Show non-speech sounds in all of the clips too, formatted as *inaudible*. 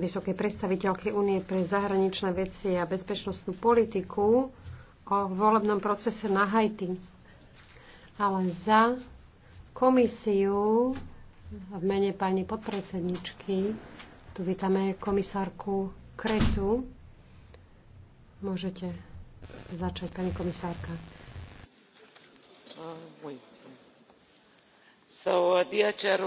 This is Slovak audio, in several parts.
vysokej predstaviteľky Únie pre zahraničné veci a bezpečnostnú politiku o volebnom procese na Haiti. Ale za komisiu v mene pani podpredsedničky tu vítame komisárku Kretu. Môžete začať, pani komisárka. Uh, oui. so, uh, dear chair,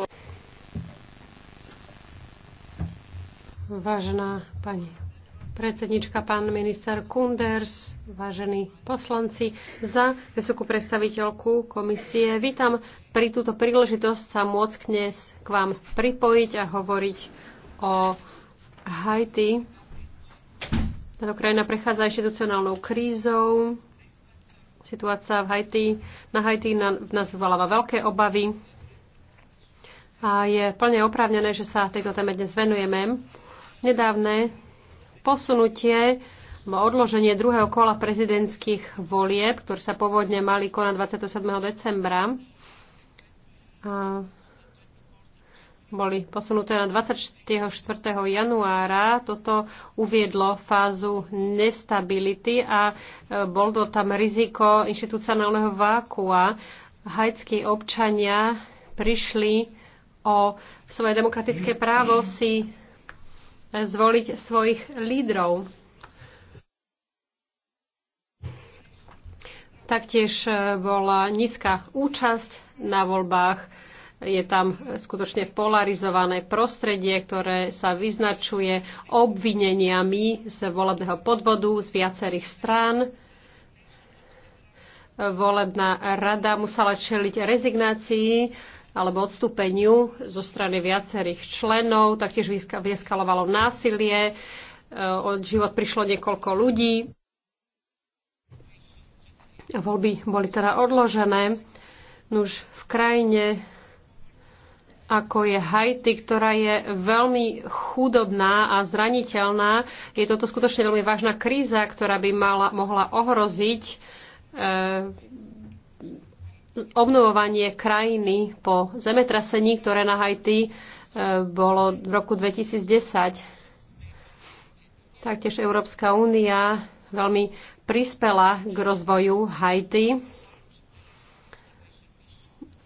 Vážená pani predsednička, pán minister Kunders, vážení poslanci, za vysokú predstaviteľku komisie. Vítam pri túto príležitosť sa môcť dnes k vám pripojiť a hovoriť o Haiti. Táto krajina prechádza inštitucionálnou krízou. Situácia v Haiti, na Haiti nás vyvoláva veľké obavy a je plne oprávnené, že sa tejto téme dnes venujeme. Nedávne posunutie odloženie druhého kola prezidentských volieb, ktoré sa pôvodne mali konať 27. decembra, boli posunuté na 24. januára. Toto uviedlo fázu nestability a e, bol to tam riziko inštitucionálneho vákua. Haitskí občania prišli o svoje demokratické právo si zvoliť svojich lídrov. Taktiež e, bola nízka účasť na voľbách. Je tam skutočne polarizované prostredie, ktoré sa vyznačuje obvineniami z volebného podvodu z viacerých strán. Volebná rada musela čeliť rezignácii alebo odstúpeniu zo strany viacerých členov, taktiež vyeskalovalo násilie, e, od život prišlo niekoľko ľudí. Voľby boli teda odložené. Nuž v krajine, ako je Haiti, ktorá je veľmi chudobná a zraniteľná, je toto skutočne veľmi vážna kríza, ktorá by mala, mohla ohroziť e, obnovovanie krajiny po zemetrasení, ktoré na Haiti e, bolo v roku 2010. Taktiež Európska únia veľmi prispela k rozvoju Haiti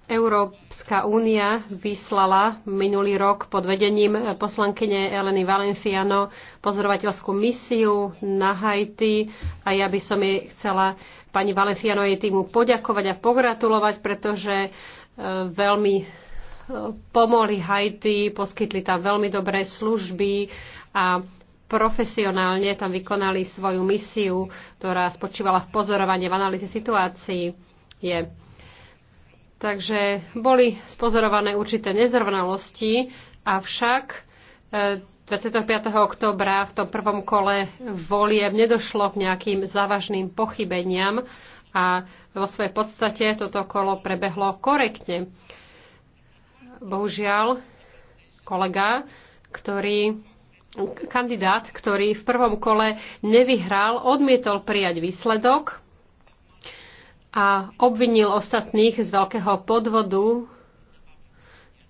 Európska únia vyslala minulý rok pod vedením poslankyne Eleny Valenciano pozorovateľskú misiu na Haiti a ja by som jej chcela pani Valenciano jej týmu poďakovať a pogratulovať, pretože e, veľmi e, pomohli Haiti, poskytli tam veľmi dobré služby a profesionálne tam vykonali svoju misiu, ktorá spočívala v pozorovaní, v analýze situácií. Je Takže boli spozorované určité nezrovnalosti, avšak 25. E, oktobra v tom prvom kole volieb nedošlo k nejakým závažným pochybeniam a vo svojej podstate toto kolo prebehlo korektne. Bohužiaľ, kolega, ktorý kandidát, ktorý v prvom kole nevyhral, odmietol prijať výsledok a obvinil ostatných z veľkého podvodu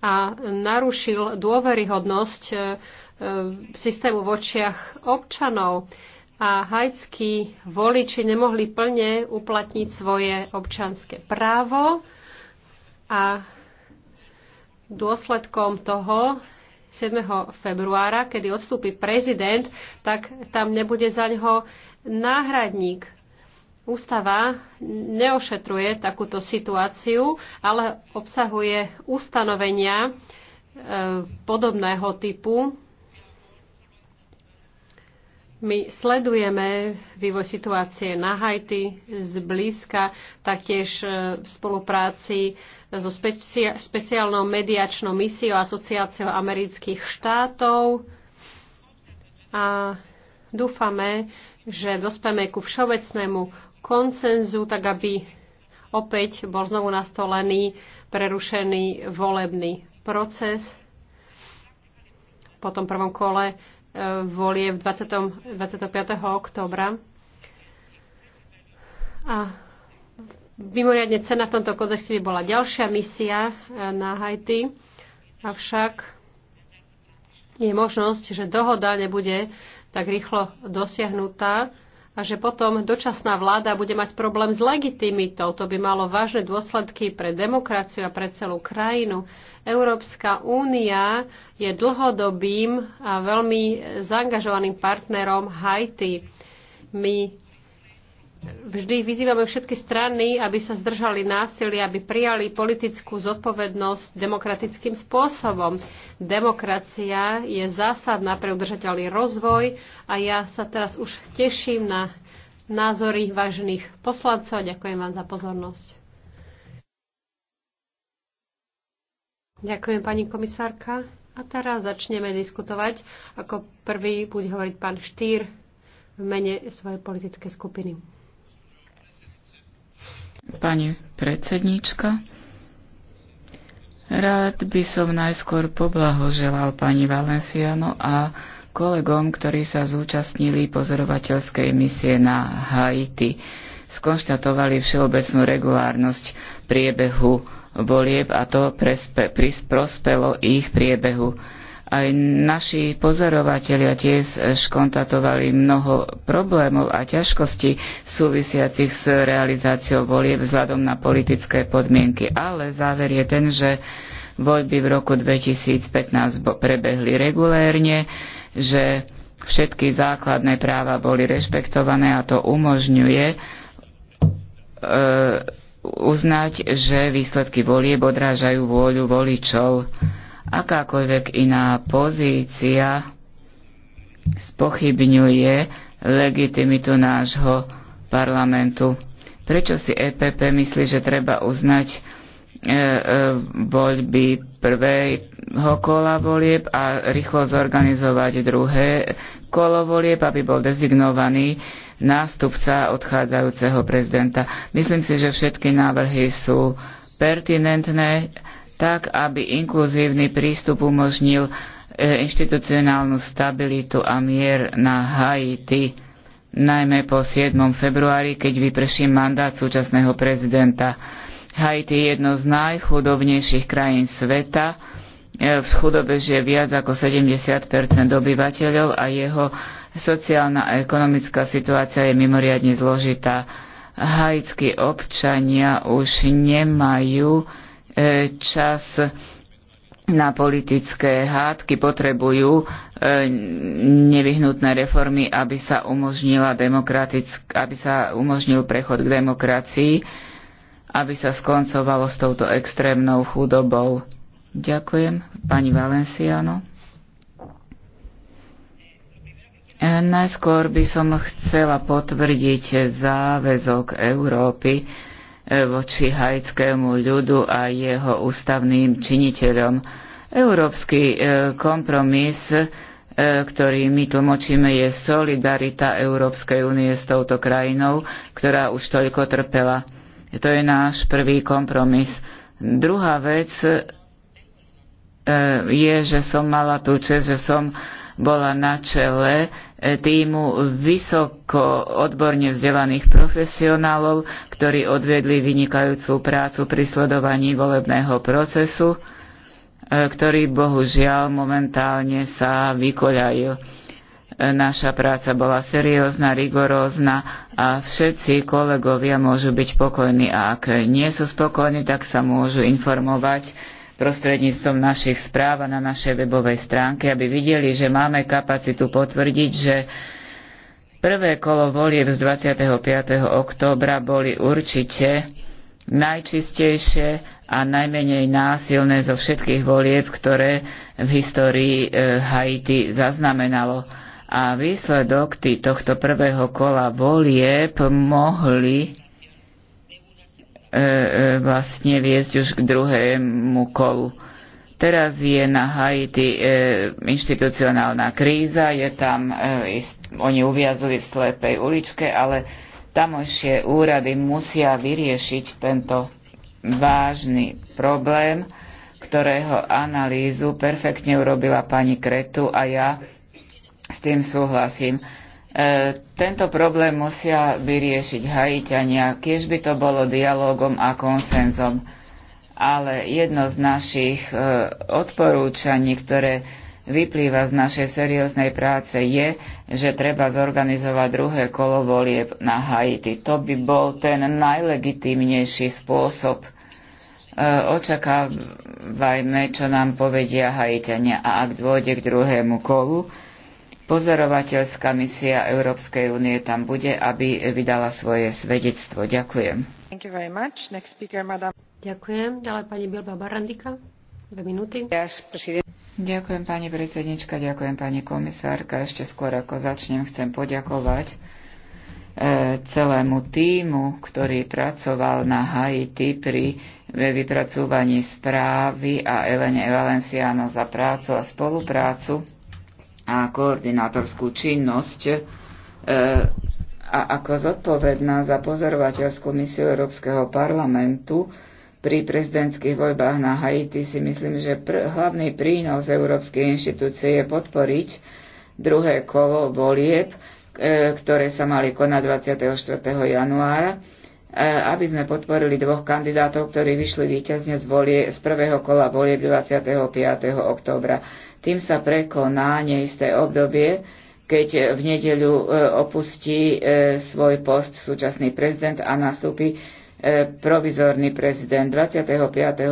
a narušil dôveryhodnosť e, e, systému v očiach občanov a hajckí voliči nemohli plne uplatniť svoje občanské právo a dôsledkom toho 7. februára, kedy odstúpi prezident, tak tam nebude za ňoho náhradník. Ústava neošetruje takúto situáciu, ale obsahuje ustanovenia e, podobného typu. My sledujeme vývoj situácie na Haiti zblízka, taktiež e, v spolupráci so špeciálnou mediačnou misiou Asociáciou amerických štátov a dúfame, že dospeme ku všeobecnému konsenzu, tak aby opäť bol znovu nastolený prerušený volebný proces. Po tom prvom kole volie 20, 25. oktobra. A mimoriadne cena v tomto kontexte by bola ďalšia misia e, na Haiti, avšak je možnosť, že dohoda nebude tak rýchlo dosiahnutá, a že potom dočasná vláda bude mať problém s legitimitou. To by malo vážne dôsledky pre demokraciu a pre celú krajinu. Európska únia je dlhodobým a veľmi zaangažovaným partnerom Haiti. My vždy vyzývame všetky strany, aby sa zdržali násilia, aby prijali politickú zodpovednosť demokratickým spôsobom. Demokracia je zásadná pre udržateľný rozvoj a ja sa teraz už teším na názory vážnych poslancov a ďakujem vám za pozornosť. Ďakujem pani komisárka. A teraz začneme diskutovať. Ako prvý bude hovoriť pán Štýr v mene svojej politickej skupiny pani predsedníčka. Rád by som najskôr poblahoželal pani Valenciano a kolegom, ktorí sa zúčastnili pozorovateľskej misie na Haiti. Skonštatovali všeobecnú regulárnosť priebehu volieb a to prospelo ich priebehu aj naši pozorovatelia tiež škontatovali mnoho problémov a ťažkostí súvisiacich s realizáciou volieb vzhľadom na politické podmienky. Ale záver je ten, že voľby v roku 2015 prebehli regulérne, že všetky základné práva boli rešpektované a to umožňuje e, uznať, že výsledky volieb odrážajú vôľu voličov. Akákoľvek iná pozícia spochybňuje legitimitu nášho parlamentu. Prečo si EPP myslí, že treba uznať e, e, voľby prvého kola volieb a rýchlo zorganizovať druhé kolo volieb, aby bol dezignovaný nástupca odchádzajúceho prezidenta. Myslím si, že všetky návrhy sú pertinentné tak aby inkluzívny prístup umožnil e, inštitucionálnu stabilitu a mier na Haiti, najmä po 7. februári, keď vyprší mandát súčasného prezidenta. Haiti je jedno z najchudobnejších krajín sveta. E, v chudobe žije viac ako 70 obyvateľov a jeho sociálna a ekonomická situácia je mimoriadne zložitá. Haitskí občania už nemajú E, čas na politické hádky potrebujú e, nevyhnutné reformy, aby sa, umožnila demokratick- aby sa umožnil prechod k demokracii, aby sa skoncovalo s touto extrémnou chudobou. Ďakujem. Pani Valenciano. E, najskôr by som chcela potvrdiť záväzok Európy, voči haitskému ľudu a jeho ústavným činiteľom. Európsky e, kompromis, e, ktorý my tlmočíme, je solidarita Európskej únie s touto krajinou, ktorá už toľko trpela. To je náš prvý kompromis. Druhá vec e, je, že som mala tú čest, že som bola na čele týmu vysoko odborne vzdelaných profesionálov, ktorí odvedli vynikajúcu prácu pri sledovaní volebného procesu, e, ktorý bohužiaľ momentálne sa vykoľajú. E, naša práca bola seriózna, rigorózna a všetci kolegovia môžu byť pokojní. a ak nie sú spokojní, tak sa môžu informovať prostredníctvom našich správ a na našej webovej stránke, aby videli, že máme kapacitu potvrdiť, že prvé kolo volieb z 25. októbra boli určite najčistejšie a najmenej násilné zo všetkých volieb, ktoré v histórii e, Haiti zaznamenalo. A výsledok tohto prvého kola volieb mohli E, e, vlastne viesť už k druhému kolu. Teraz je na Haiti e, inštitucionálna kríza, je tam, e, oni uviazli v slepej uličke, ale tamojšie úrady musia vyriešiť tento vážny problém, ktorého analýzu perfektne urobila pani Kretu a ja s tým súhlasím. E, tento problém musia vyriešiť hajiťania, kiež by to bolo dialogom a konsenzom. Ale jedno z našich e, odporúčaní, ktoré vyplýva z našej serióznej práce, je, že treba zorganizovať druhé kolo volieb na Haiti. To by bol ten najlegitímnejší spôsob. E, očakávajme, čo nám povedia Haitiania. A ak dôjde k druhému kolu, Pozorovateľská misia Európskej únie tam bude, aby vydala svoje svedectvo. Ďakujem. Thank you very much. Next speaker, madam. Ďakujem. Ďalej pani Bilba Barandika. Dve minúty. Yes, ďakujem pani predsednička, ďakujem pani komisárka. Ešte skôr ako začnem, chcem poďakovať e, celému týmu, ktorý pracoval na Haiti pri vypracúvaní správy a Elene Valenciano za prácu a spoluprácu a koordinátorskú činnosť e, a ako zodpovedná za pozorovateľskú misiu Európskeho parlamentu pri prezidentských voľbách na Haiti si myslím, že pr- hlavný prínos Európskej inštitúcie je podporiť druhé kolo volieb, e, ktoré sa mali konať 24. januára, e, aby sme podporili dvoch kandidátov, ktorí vyšli víťazne z, volie, z prvého kola volieb 25. oktobra. Tým sa prekoná neisté obdobie, keď e, v nedeľu e, opustí e, svoj post súčasný prezident a nastúpi provizorný prezident. 25.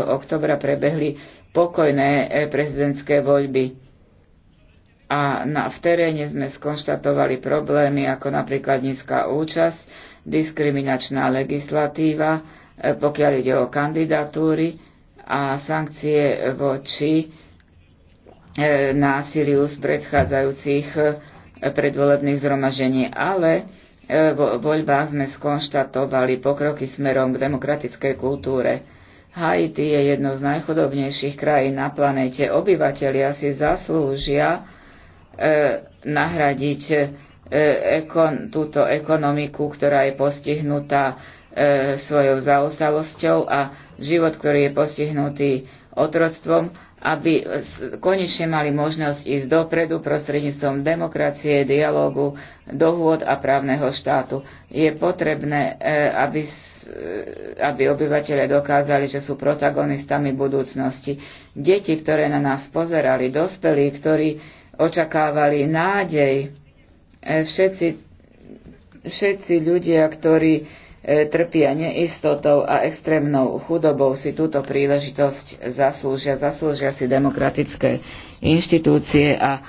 oktobra prebehli pokojné prezidentské voľby. A na, v teréne sme skonštatovali problémy ako napríklad nízka účasť, diskriminačná legislatíva, pokiaľ ide o kandidatúry a sankcie voči E, násiliu z predchádzajúcich e, predvolebných zhromažení, ale e, vo voľbách sme skonštatovali pokroky smerom k demokratickej kultúre. Haiti je jedno z najchudobnejších krajín na planéte. Obyvatelia si zaslúžia e, nahradiť e, ekon, túto ekonomiku, ktorá je postihnutá e, svojou zaostalosťou a život, ktorý je postihnutý otroctvom aby konečne mali možnosť ísť dopredu prostredníctvom demokracie, dialógu, dohôd a právneho štátu. Je potrebné, e, aby, e, aby obyvateľe dokázali, že sú protagonistami budúcnosti. Deti, ktoré na nás pozerali, dospelí, ktorí očakávali nádej, e, všetci, všetci ľudia, ktorí E, trpia neistotou a extrémnou chudobou, si túto príležitosť zaslúžia. Zaslúžia si demokratické inštitúcie a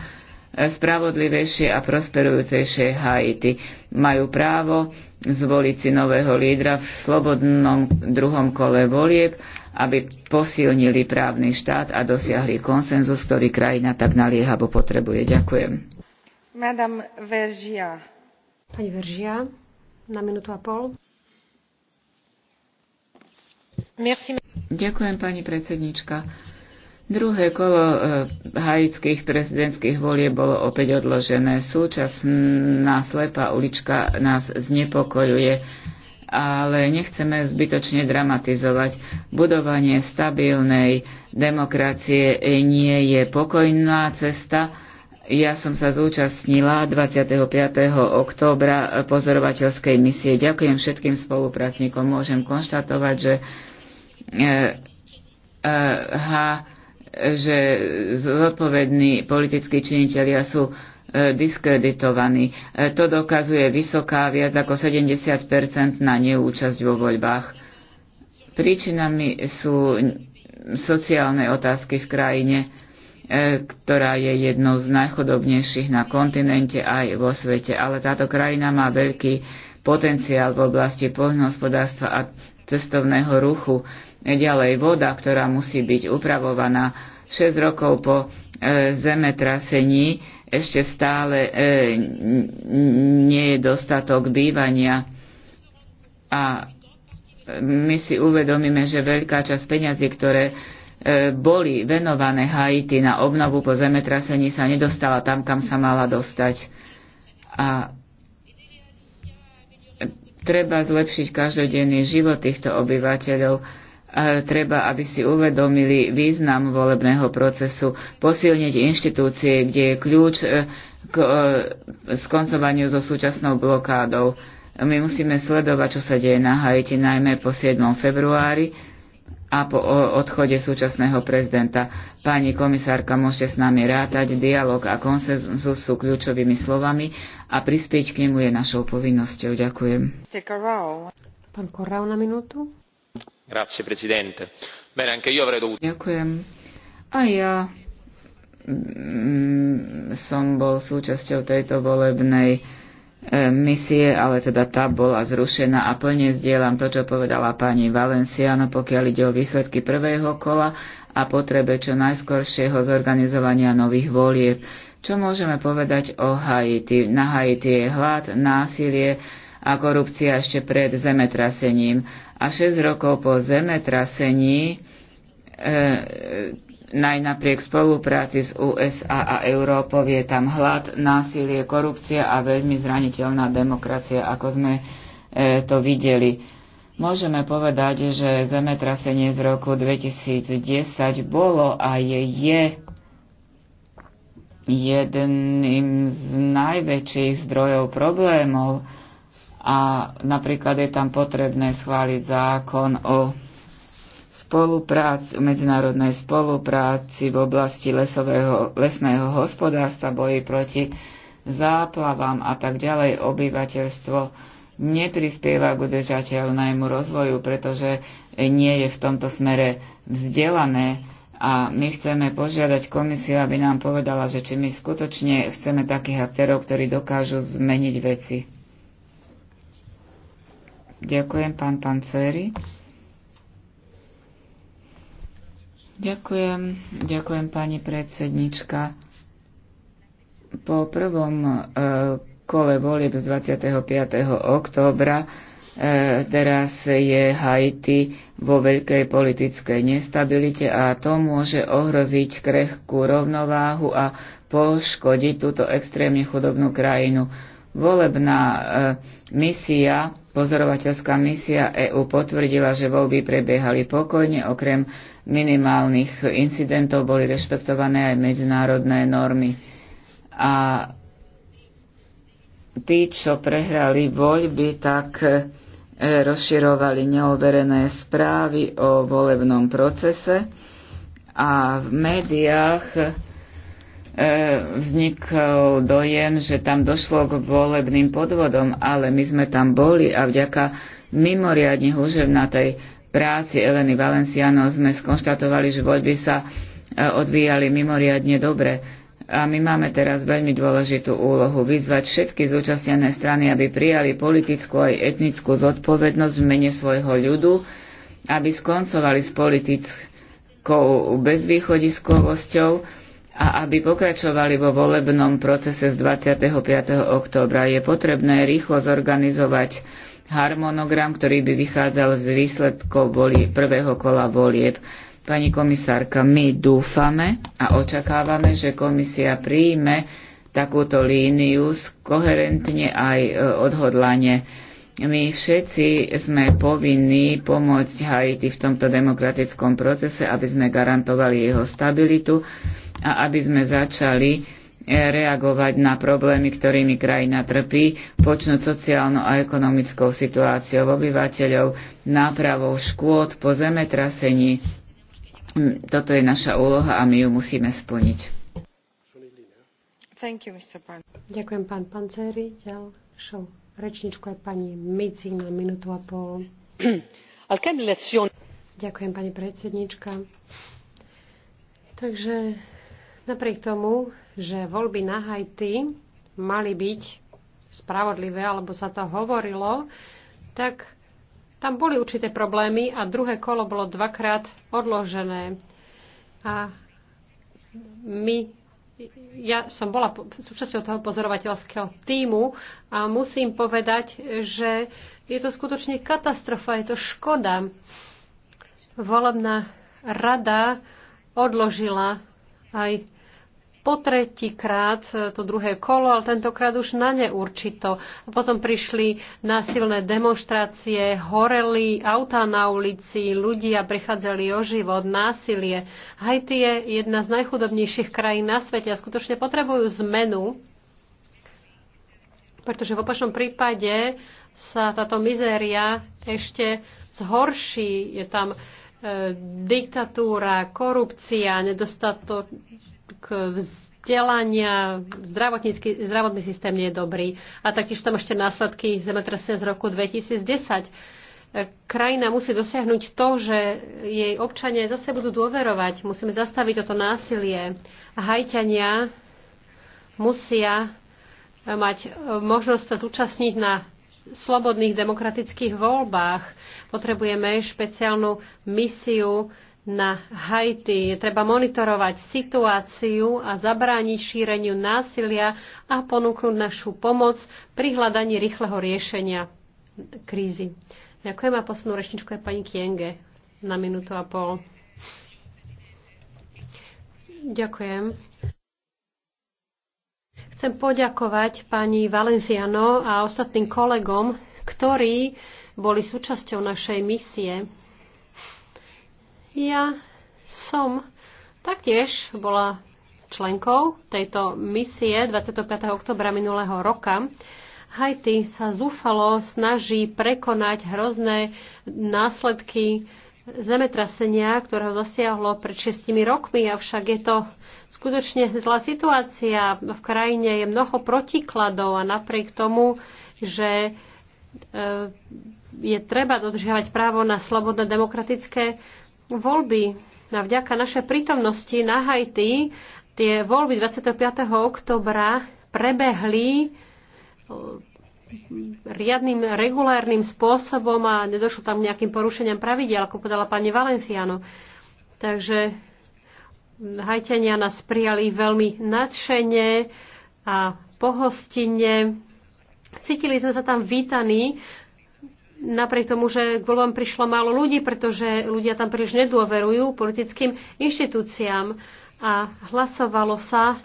spravodlivejšie a prosperujúcejšie Haiti. Majú právo zvoliť si nového lídra v slobodnom druhom kole volieb, aby posilnili právny štát a dosiahli konsenzus, ktorý krajina tak naliehavo potrebuje. Ďakujem. Madame Vergia. Pani Veržia, na minútu a pol. Ďakujem, pani predsednička. Druhé kolo e, haitských prezidentských volie bolo opäť odložené. Súčasná slepá ulička nás znepokojuje, ale nechceme zbytočne dramatizovať. Budovanie stabilnej demokracie nie je pokojná cesta. Ja som sa zúčastnila 25. októbra pozorovateľskej misie. Ďakujem všetkým spolupracníkom. Môžem konštatovať, že ha, že zodpovední politickí činiteľia sú e, diskreditovaní. E, to dokazuje vysoká, viac ako 70 na neúčasť vo voľbách. Príčinami sú sociálne otázky v krajine, e, ktorá je jednou z najchodobnejších na kontinente aj vo svete. Ale táto krajina má veľký potenciál v oblasti poľnohospodárstva a cestovného ruchu. Ďalej voda, ktorá musí byť upravovaná. 6 rokov po e, zemetrasení ešte stále e, nie je dostatok bývania a my si uvedomíme, že veľká časť peňazí, ktoré e, boli venované Haiti na obnovu po zemetrasení, sa nedostala tam, kam sa mala dostať. A Treba zlepšiť každodenný život týchto obyvateľov. A e, treba, aby si uvedomili význam volebného procesu, posilniť inštitúcie, kde je kľúč e, k e, skoncovaniu so súčasnou blokádou. My musíme sledovať, čo sa deje na Haiti, najmä po 7. februári, a po odchode súčasného prezidenta. Pani komisárka, môžete s nami rátať, dialog a konsenzus sú kľúčovými slovami a prispieť k nemu je našou povinnosťou. Ďakujem. Pán Korau na minútu. Grazie, prezidente. Bene, anche io avrei dovuto... Ďakujem. A ja mm, som bol súčasťou tejto volebnej E, misie, ale teda tá bola zrušená a plne zdieľam to, čo povedala pani Valenciano, pokiaľ ide o výsledky prvého kola a potrebe čo najskoršieho zorganizovania nových volieb. Čo môžeme povedať o Haiti? Na Haiti je hlad, násilie a korupcia ešte pred zemetrasením. A 6 rokov po zemetrasení E, e, Naj napriek spolupráci s USA a Európou je tam hlad, násilie, korupcia a veľmi zraniteľná demokracia, ako sme e, to videli. Môžeme povedať, že zemetrasenie z roku 2010 bolo a je, je jedným z najväčších zdrojov problémov a napríklad je tam potrebné schváliť zákon o spolupráci, medzinárodnej spolupráci v oblasti lesového, lesného hospodárstva, boji proti záplavám a tak ďalej obyvateľstvo neprispieva k udržateľnému rozvoju, pretože nie je v tomto smere vzdelané a my chceme požiadať komisiu, aby nám povedala, že či my skutočne chceme takých aktérov, ktorí dokážu zmeniť veci. Ďakujem, pán Panceri. Ďakujem, ďakujem pani predsednička. Po prvom e, kole volieb z 25. októbra e, teraz je Haiti vo veľkej politickej nestabilite a to môže ohroziť krehkú rovnováhu a poškodiť túto extrémne chudobnú krajinu. Volebná e, misia, pozorovateľská misia EÚ potvrdila, že voľby prebiehali pokojne, okrem minimálnych incidentov boli rešpektované aj medzinárodné normy. A tí, čo prehrali voľby, tak e, rozširovali neoverené správy o volebnom procese a v médiách e, vznikol dojem, že tam došlo k volebným podvodom, ale my sme tam boli a vďaka mimoriadne húževnatej práci Eleny Valenciano sme skonštatovali, že voľby sa e, odvíjali mimoriadne dobre. A my máme teraz veľmi dôležitú úlohu vyzvať všetky zúčastnené strany, aby prijali politickú aj etnickú zodpovednosť v mene svojho ľudu, aby skoncovali s politickou bezvýchodiskovosťou a aby pokračovali vo volebnom procese z 25. októbra. Je potrebné rýchlo zorganizovať harmonogram, ktorý by vychádzal z výsledkov volie, prvého kola volieb. Pani komisárka, my dúfame a očakávame, že komisia príjme takúto líniu koherentne aj e, odhodlane. My všetci sme povinní pomôcť Haiti v tomto demokratickom procese, aby sme garantovali jeho stabilitu a aby sme začali reagovať na problémy, ktorými krajina trpí, počnúť sociálno a ekonomickou situáciou obyvateľov, nápravou škôd po zemetrasení. Mm, Toto je naša úloha a my ju musíme splniť. You, Ďakujem, pán Panceri. Ďalšou rečničku je pani Mici na minútu a pol. *clears throat* Ďakujem, pani predsednička. Takže napriek tomu, že voľby na Haiti mali byť spravodlivé, alebo sa to hovorilo, tak tam boli určité problémy a druhé kolo bolo dvakrát odložené. A my, ja som bola súčasťou toho pozorovateľského týmu a musím povedať, že je to skutočne katastrofa, je to škoda. Volebná rada odložila aj po tretíkrát e, to druhé kolo, ale tentokrát už na neurčito. A potom prišli násilné demonstrácie, horeli auta na ulici, ľudia prichádzali o život, násilie. Haiti je jedna z najchudobnejších krajín na svete a skutočne potrebujú zmenu, pretože v opačnom prípade sa táto mizéria ešte zhorší. Je tam e, diktatúra, korupcia, nedostatok vzdelania, zdravotnícky, zdravotný systém nie je dobrý. A taktiež tam ešte následky zemetrasenia z roku 2010. Krajina musí dosiahnuť to, že jej občania zase budú dôverovať. Musíme zastaviť toto násilie. Hajťania musia mať možnosť sa zúčastniť na slobodných demokratických voľbách. Potrebujeme špeciálnu misiu na Haiti. Je treba monitorovať situáciu a zabrániť šíreniu násilia a ponúknuť našu pomoc pri hľadaní rýchleho riešenia krízy. Ďakujem a poslednú rečničku je pani Kienge na minútu a pol. Ďakujem. Chcem poďakovať pani Valenciano a ostatným kolegom, ktorí boli súčasťou našej misie ja som taktiež bola členkou tejto misie 25. oktobra minulého roka. Haiti sa zúfalo snaží prekonať hrozné následky zemetrasenia, ktoré ho zasiahlo pred 6 rokmi, avšak je to skutočne zlá situácia. V krajine je mnoho protikladov a napriek tomu, že e, je treba dodržiavať právo na slobodné demokratické voľby. A vďaka našej prítomnosti na Haiti tie voľby 25. oktobra prebehli eh, riadným, regulárnym spôsobom a nedošlo tam nejakým porušeniam pravidel, ako podala pani Valenciano. Takže hajtenia nás prijali veľmi nadšene a pohostine. Cítili sme sa tam vítaní napriek tomu, že k voľbám prišlo málo ľudí, pretože ľudia tam príliš nedôverujú politickým inštitúciám a hlasovalo sa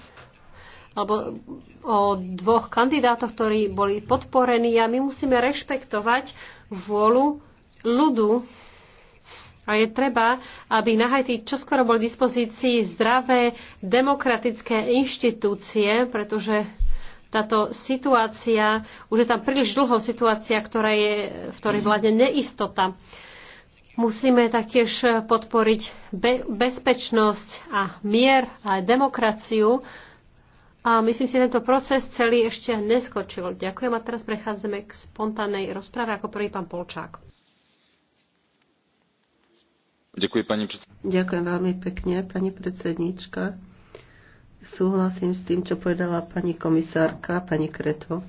alebo o dvoch kandidátoch, ktorí boli podporení a my musíme rešpektovať vôľu ľudu a je treba, aby na Haiti čoskoro boli v dispozícii zdravé demokratické inštitúcie, pretože táto situácia, už je tam príliš dlho situácia, ktorá je, v ktorej vládne neistota. Musíme taktiež podporiť be- bezpečnosť a mier a demokraciu. A myslím si, že tento proces celý ešte neskočil. Ďakujem a teraz prechádzame k spontánnej rozprave ako prvý pán Polčák. Ďakujem, pani Ďakujem veľmi pekne, pani predsedníčka. Súhlasím s tým, čo povedala pani komisárka, pani Kreto.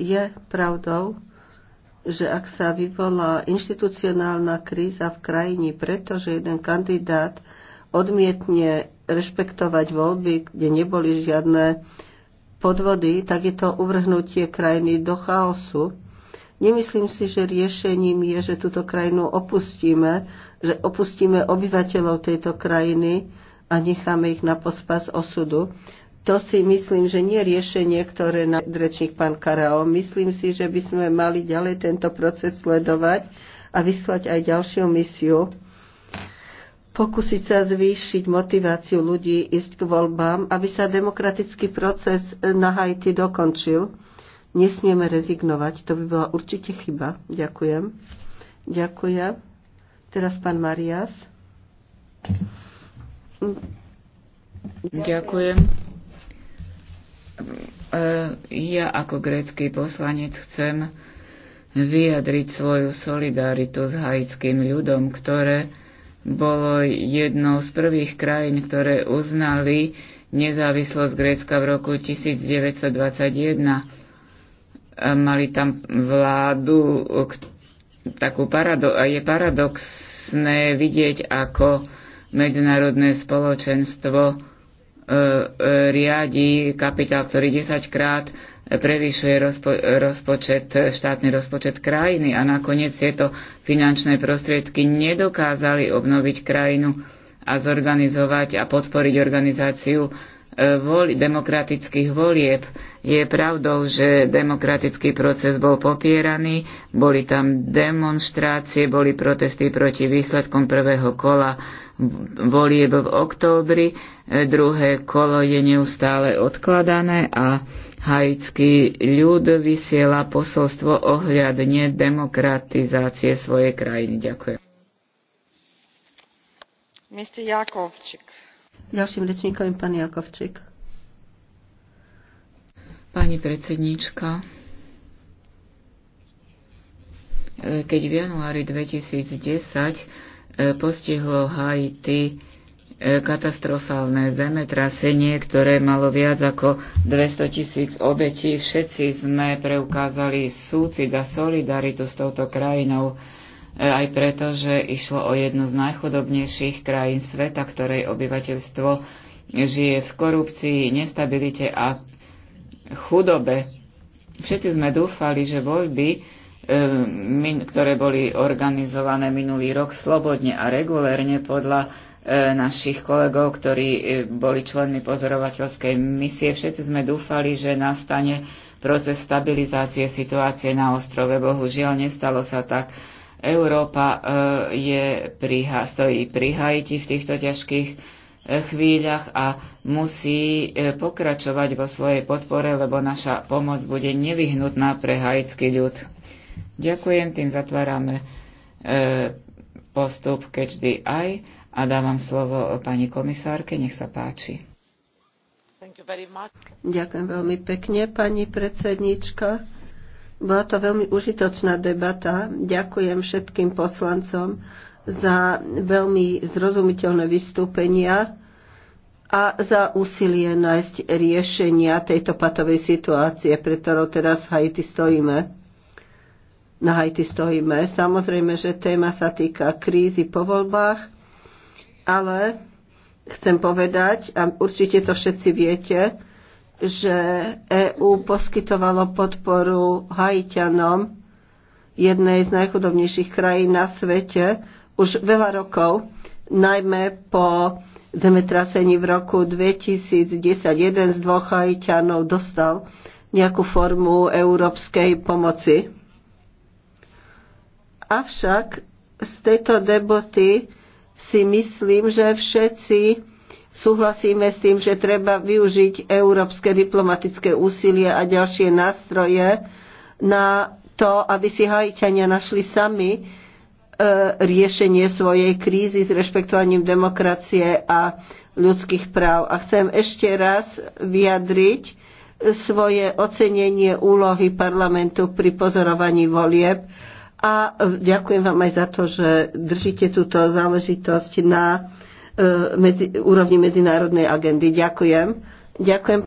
Je pravdou, že ak sa vyvolá inštitucionálna kríza v krajine, pretože jeden kandidát odmietne rešpektovať voľby, kde neboli žiadne podvody, tak je to uvrhnutie krajiny do chaosu. Nemyslím si, že riešením je, že túto krajinu opustíme, že opustíme obyvateľov tejto krajiny, a necháme ich na pospas osudu. To si myslím, že nie riešenie, ktoré na rečník pán Karao. Myslím si, že by sme mali ďalej tento proces sledovať a vyslať aj ďalšiu misiu. Pokúsiť sa zvýšiť motiváciu ľudí ísť k voľbám, aby sa demokratický proces na Haiti dokončil. Nesmieme rezignovať, to by bola určite chyba. Ďakujem. Ďakujem. Teraz pán Marias. Thank you. Ďakujem. E, ja ako grécky poslanec chcem vyjadriť svoju solidaritu s haitským ľudom, ktoré bolo jednou z prvých krajín, ktoré uznali nezávislosť Grécka v roku 1921. E, mali tam vládu, takú parado- je paradoxné vidieť, ako medzinárodné spoločenstvo e, e, riadi kapitál, ktorý 10 krát prevyšuje rozpo, rozpočet, štátny rozpočet krajiny a nakoniec tieto finančné prostriedky nedokázali obnoviť krajinu a zorganizovať a podporiť organizáciu voli, demokratických volieb. Je pravdou, že demokratický proces bol popieraný, boli tam demonstrácie, boli protesty proti výsledkom prvého kola volieb v októbri, druhé kolo je neustále odkladané a haitský ľud vysiela posolstvo ohľadne demokratizácie svojej krajiny. Ďakujem. Mr. Jakovčík Ďalším rečníkom je pán Jakovčík. Pani predsedníčka, keď v januári 2010 e, postihlo Haiti e, katastrofálne zemetrasenie, ktoré malo viac ako 200 tisíc obetí. Všetci sme preukázali súcit a solidaritu s touto krajinou. E, aj preto, že išlo o jednu z najchudobnejších krajín sveta, ktorej obyvateľstvo žije v korupcii, nestabilite a chudobe. Všetci sme dúfali, že voľby, e, ktoré boli organizované minulý rok slobodne a regulérne podľa e, našich kolegov, ktorí boli členmi pozorovateľskej misie, všetci sme dúfali, že nastane proces stabilizácie situácie na ostrove. Bohužiaľ, nestalo sa tak. Európa e, je pri, stojí pri Haiti v týchto ťažkých e, chvíľach a musí e, pokračovať vo svojej podpore, lebo naša pomoc bude nevyhnutná pre haitský ľud. Ďakujem, tým zatvárame postup Catch aj a dávam slovo pani komisárke, nech sa páči. Ďakujem veľmi pekne, pani predsednička. Bola to veľmi užitočná debata. Ďakujem všetkým poslancom za veľmi zrozumiteľné vystúpenia a za úsilie nájsť riešenia tejto patovej situácie, pre ktorou teraz v Haiti stojíme. Na Haiti stojíme. Samozrejme, že téma sa týka krízy po voľbách, ale chcem povedať, a určite to všetci viete, že EÚ poskytovalo podporu Haitianom, jednej z najchudobnejších krajín na svete, už veľa rokov, najmä po zemetrasení v roku 2010. Jeden z dvoch Haitianov dostal nejakú formu európskej pomoci. Avšak z tejto debaty si myslím, že všetci Súhlasíme s tým, že treba využiť európske diplomatické úsilie a ďalšie nástroje na to, aby si Hajťania našli sami e, riešenie svojej krízy s rešpektovaním demokracie a ľudských práv. A chcem ešte raz vyjadriť svoje ocenenie úlohy parlamentu pri pozorovaní volieb a ďakujem vám aj za to, že držíte túto záležitosť na E, medzi, úrovni medzinárodnej agendy. Ďakujem. Ďakujem.